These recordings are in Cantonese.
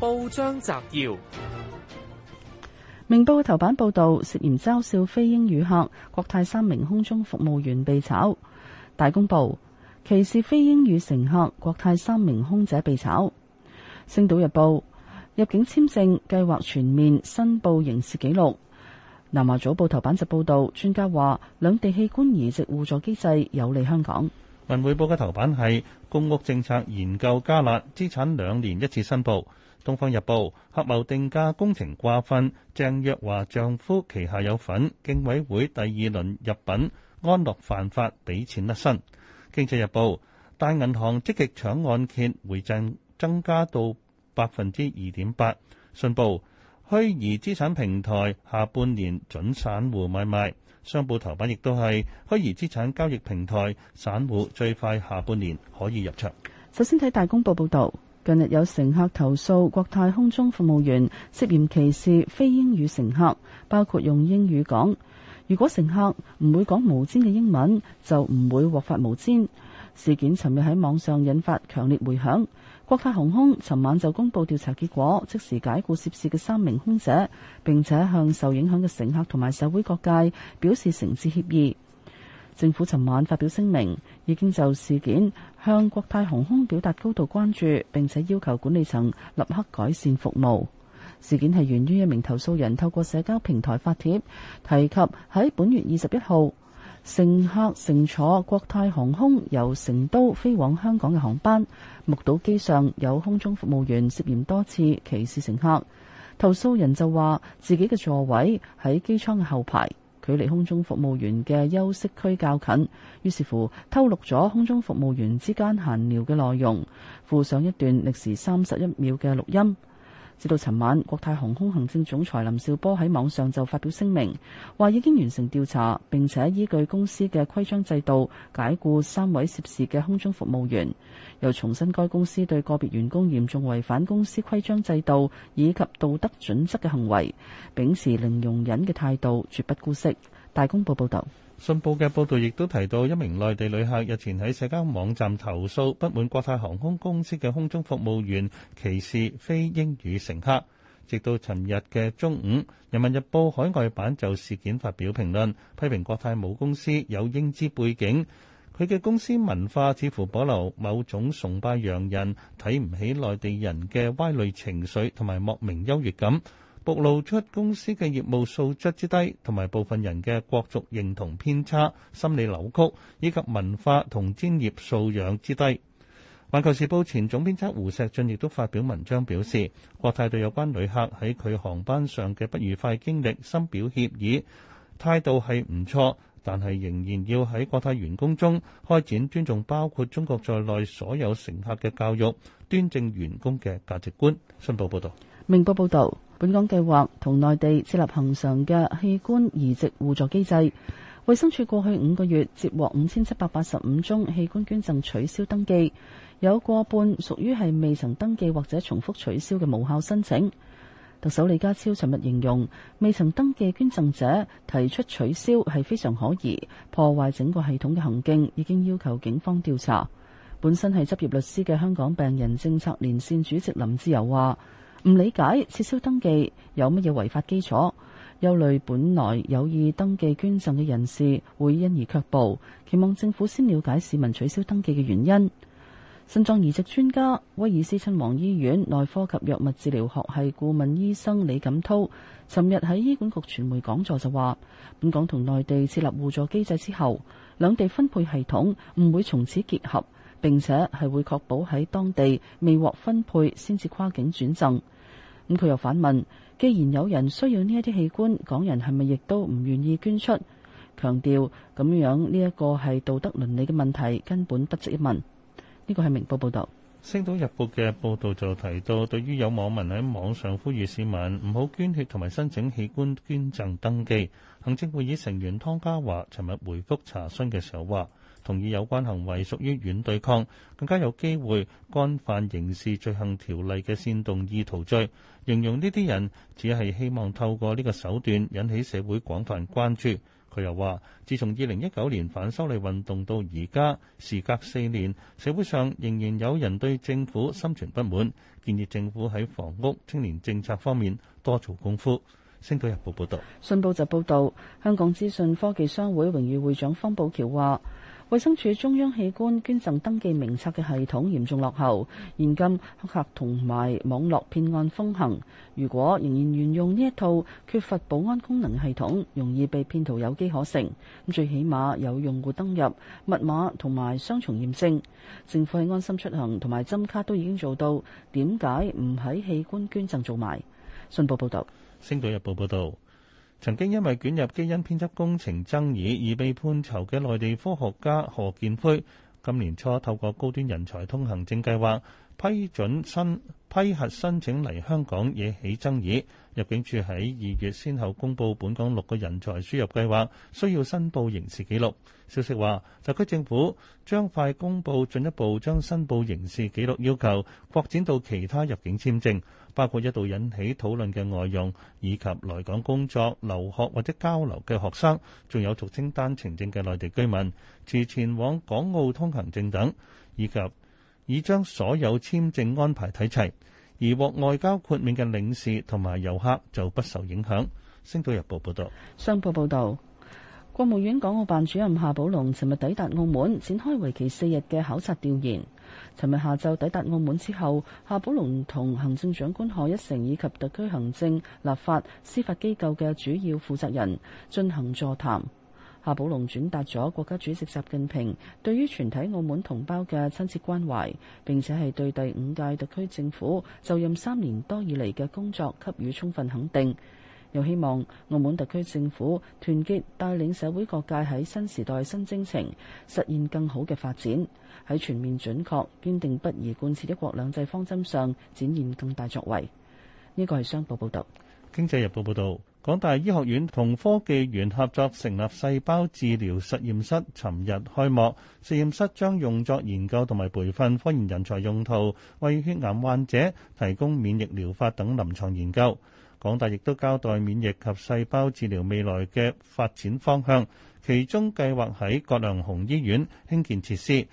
報章摘要：明報頭版報道，涉嫌嘲笑非英語客，國泰三名空中服務員被炒。大公報，歧視非英語乘客，國泰三名空姐被炒。星島日報，入境簽證計劃全面申報刑事記錄。南華早報頭版就報道，專家話兩地器官移植互助機制有利香港。文匯報嘅頭版係公屋政策研究加辣，資產兩年一次申報。《東方日報》合謀定價工程瓜分，鄭若驊丈夫旗下有份，競委會第二輪入品，安樂犯法俾錢甩身。《經濟日報》大銀行積極搶按揭回贈增加到百分之二點八。信報虛擬資產平台下半年准散戶買賣，商報頭版亦都係虛擬資產交易平台，散戶最快下半年可以入場。首先睇大公報報道。近日有乘客投訴國泰空中服務員涉嫌歧視非英語乘客，包括用英語講：如果乘客唔會講毛氈嘅英文，就唔會獲發毛氈。事件尋日喺網上引發強烈回響，國泰航空尋晚就公布調查結果，即時解雇涉事嘅三名空姐，並且向受影響嘅乘客同埋社會各界表示誠摯歉意。政府尋晚發表聲明，已經就事件向國泰航空表達高度關注，並且要求管理層立刻改善服務。事件係源於一名投訴人透過社交平台發帖，提及喺本月二十一號，乘客乘坐國泰航空由成都飛往香港嘅航班，目睹機上有空中服務員涉嫌多次歧視乘客。投訴人就話自己嘅座位喺機艙嘅後排。距離空中服務員嘅休息區較近，於是乎偷錄咗空中服務員之間閒聊嘅內容，附上一段歷時三十一秒嘅錄音。直到尋晚，國泰航空行政總裁林紹波喺網上就發表聲明，話已經完成調查，並且依據公司嘅規章制度解雇三位涉事嘅空中服務員，又重申該公司對個別員工嚴重違反公司規章制度以及道德準則嘅行為，秉持零容忍嘅態度，絕不姑息。大公報報道。信報嘅報導亦都提到，一名內地旅客日前喺社交網站投訴，不滿國泰航空公司嘅空中服務員歧視非英語乘客。直到尋日嘅中午，《人民日報》海外版就事件發表評論，批評國泰母公司有英資背景，佢嘅公司文化似乎保留某種崇拜洋人、睇唔起內地人嘅歪類情緒同埋莫名優越感。暴露出公司嘅業務素質之低，同埋部分人嘅國族認同偏差、心理扭曲，以及文化同專業素養之低。《環球時報》前總編輯胡錫進亦都發表文章表示，國泰對有關旅客喺佢航班上嘅不愉快經歷深表歉意，態度係唔錯，但係仍然要喺國泰員工中開展尊重包括中國在內所有乘客嘅教育，端正員工嘅價值觀，新報報道明報報道。本港計劃同內地設立恒常嘅器官移植互助機制。衛生署過去五個月接獲五千七百八十五宗器官捐贈取消登記，有過半屬於係未曾登記或者重複取消嘅無效申請。特首李家超尋日形容，未曾登記捐贈者提出取消係非常可疑，破壞整個系統嘅行徑，已經要求警方調查。本身係執業律師嘅香港病人政策連線主席林志釉話。唔理解撤銷登記有乜嘢違法基礎，憂慮本來有意登記捐贈嘅人士會因而卻步，期望政府先了解市民取消登記嘅原因。腎臟移植專家、威爾斯親王醫院內科及藥物治療學系顧問醫生李錦滔尋日喺醫管局傳媒講座就話，本港同內地設立互助機制之後，兩地分配系統唔會從此結合。並且係會確保喺當地未獲分配先至跨境轉贈。咁、嗯、佢又反問：既然有人需要呢一啲器官，港人係咪亦都唔願意捐出？強調咁樣呢一個係道德倫理嘅問題，根本不值一問。呢個係明報報導。星島日報嘅報導就提到，對於有網民喺網上呼籲市民唔好捐血同埋申請器官捐贈登記，行政會議成員湯家華尋日回覆查詢嘅時候話，同意有關行為屬於軟對抗，更加有機會干犯刑事罪行條例嘅煽動意圖罪。形容呢啲人只係希望透過呢個手段引起社會廣泛關注。佢又話：自從二零一九年反修例運動到而家，時隔四年，社會上仍然有人對政府心存不滿，建議政府喺房屋、青年政策方面多做功夫。星島日報報道：「信報就報道，香港資訊科技商會榮譽會長方寶橋話。衛生署中央器官捐贈登記名冊嘅系統嚴重落後，現今黑客同埋網絡騙案風行。如果仍然沿用呢一套缺乏保安功能系統，容易被騙徒有機可乘。咁最起碼有用戶登入密碼同埋雙重驗證。政府喺安心出行同埋針卡都已經做到，點解唔喺器官捐贈做埋？信報報道，星島日報報道。曾經因為捲入基因編輯工程爭議而被判囚嘅內地科學家何建輝今年初透過高端人才通行證計劃。批准新批核申請嚟香港惹起爭議入境處喺二月先後公布本港六個人才輸入計劃需要申報刑事記錄消息話特區政府將快公布進一步將申報刑事記錄要求擴展到其他入境簽證，包括一度引起討論嘅外傭以及來港工作、留學或者交流嘅學生，仲有俗稱單程證嘅內地居民，持前往港澳通行證等，以及。已將所有簽證安排睇齊，而獲外交豁免嘅領事同埋遊客就不受影響。星島日報報道：商報報導，國務院港澳辦主任夏寶龍尋日抵達澳門，展開為期四日嘅考察調研。尋日下晝抵達澳門之後，夏寶龍同行政長官賀一誠以及特區行政、立法、司法機構嘅主要負責人進行座談。夏寶龍轉達咗國家主席習近平對於全體澳門同胞嘅親切關懷，並且係對第五屆特區政府就任三年多以嚟嘅工作給予充分肯定，又希望澳門特區政府團結帶領社會各界喺新時代新征程實現更好嘅發展，喺全面準確堅定不移貫徹一國兩制方針上展現更大作為。呢個係商報報道。《經濟日報》報道。港大醫學院同科技園合作成立細胞治療實驗室，尋日開幕。實驗室將用作研究同埋培訓科研人才用途，為血癌患者提供免疫療法等臨床研究。港大亦都交代免疫及細胞治療未來嘅發展方向，其中計劃喺葛量洪醫院興建設施，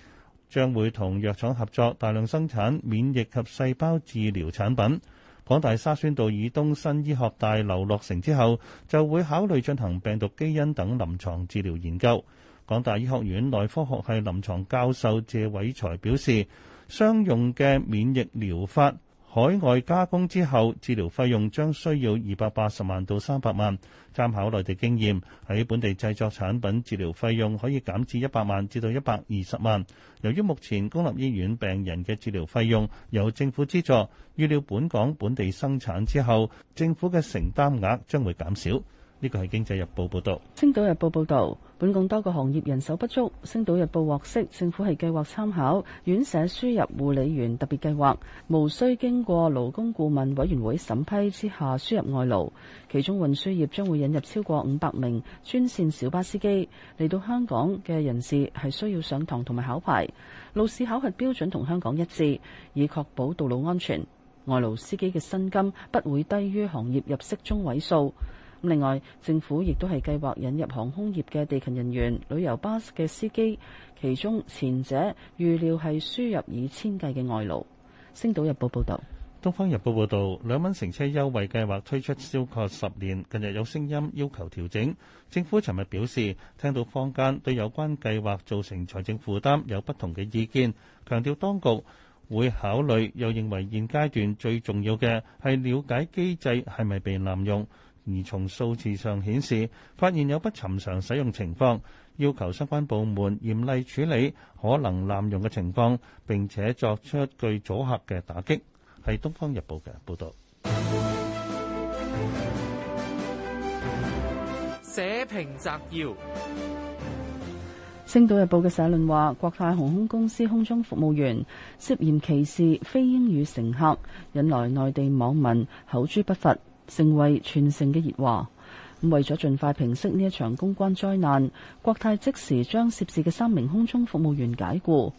將會同藥廠合作大量生產免疫及細胞治療產品。港大沙宣道以東新醫學大樓落成之後，就會考慮進行病毒基因等臨床治療研究。港大醫學院內科學系臨床教授謝偉才表示，商用嘅免疫療法海外加工之後，治療費用將需要二百八十萬到三百萬。參考內地經驗，喺本地製作產品，治療費用可以減至一百萬至到一百二十萬。由於目前公立醫院病人嘅治療費用由政府資助，預料本港本地生產之後，政府嘅承擔額將會減少。呢個係《經濟日報》報導，《星島日報》報導，本港多個行業人手不足，《星島日報》獲悉，政府係計劃參考院舍輸入護理員特別計劃，無需經過勞工顧問委員會審批之下輸入外勞。其中運輸業將會引入超過五百名專線小巴司機，嚟到香港嘅人士係需要上堂同埋考牌，路試考核標準同香港一致，以確保道路安全。外勞司機嘅薪金不會低於行業入息中位數。另外，政府亦都係計劃引入航空業嘅地勤人員、旅遊巴士嘅司機，其中前者預料係輸入以千計嘅外勞。《星島日報》報道，《東方日報》報道，兩蚊乘車優惠計劃推出超過十年，近日有聲音要求調整。政府尋日表示，聽到坊間對有關計劃造成財政負擔有不同嘅意見，強調當局會考慮，又認為現階段最重要嘅係了解機制係咪被濫用。而從數字上顯示，發現有不尋常使用情況，要求相關部門嚴厲處理可能濫用嘅情況，並且作出具組合嘅打擊。係《東方日報》嘅報道。社評摘要，《星島日報》嘅社論話：國泰航空公司空中服務員涉嫌歧視非英語乘客，引來內地網民口誅筆伐。成為全城嘅熱話。為咗盡快平息呢一場公關災難，國泰即時將涉事嘅三名空中服務員解雇。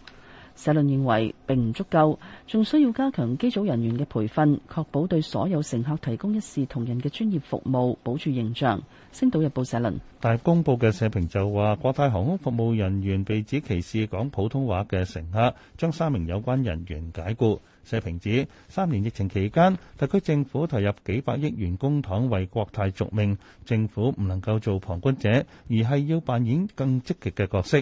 社論認為並唔足夠，仲需要加強機組人員嘅培訓，確保對所有乘客提供一視同仁嘅專業服務，保住形象。星島日報社論。大公報嘅社評就話，國泰航空服務人員被指歧視講普通話嘅乘客，將三名有關人員解僱。社評指三年疫情期間，特區政府投入幾百億元公帑為國泰續命，政府唔能夠做旁觀者，而係要扮演更積極嘅角色。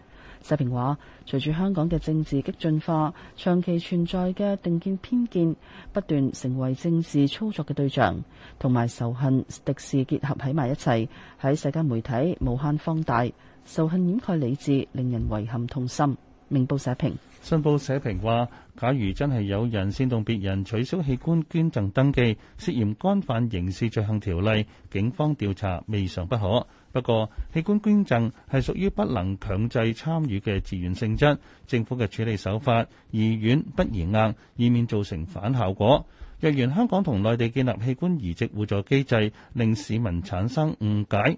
世平話：隨住香港嘅政治激進化，長期存在嘅定見偏見不斷成為政治操作嘅對象，同埋仇恨敵視結合喺埋一齊，喺世界媒體無限放大，仇恨掩蓋理智，令人遺憾痛心。明報社評，信報社評話：假如真係有人煽動別人取消器官捐贈登記，涉嫌干犯刑事罪行條例，警方調查未嘗不可。不過，器官捐贈係屬於不能強制參與嘅自願性質，政府嘅處理手法宜軟不宜硬，以免造成反效果。若然香港同內地建立器官移植互助機制，令市民產生誤解。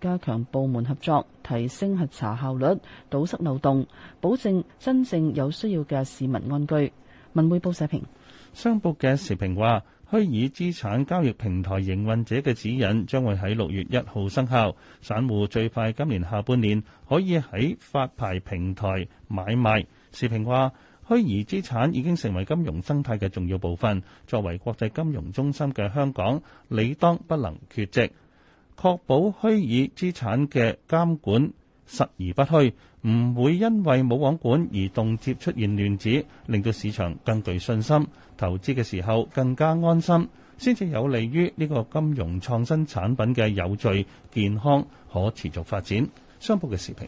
加強部門合作，提升核查效率，堵塞漏洞，保證真正有需要嘅市民安居。文匯報社評，商報嘅時評話，虛擬資產交易平台營運者嘅指引將會喺六月一號生效，散戶最快今年下半年可以喺發牌平台買賣。時評話，虛擬資產已經成為金融生態嘅重要部分，作為國際金融中心嘅香港，理當不能缺席。確保虛擬資產嘅監管實而不虛，唔會因為冇王管而動輒出現亂子，令到市場更具信心，投資嘅時候更加安心，先至有利於呢個金融創新產品嘅有序、健康、可持續發展。商報嘅時評。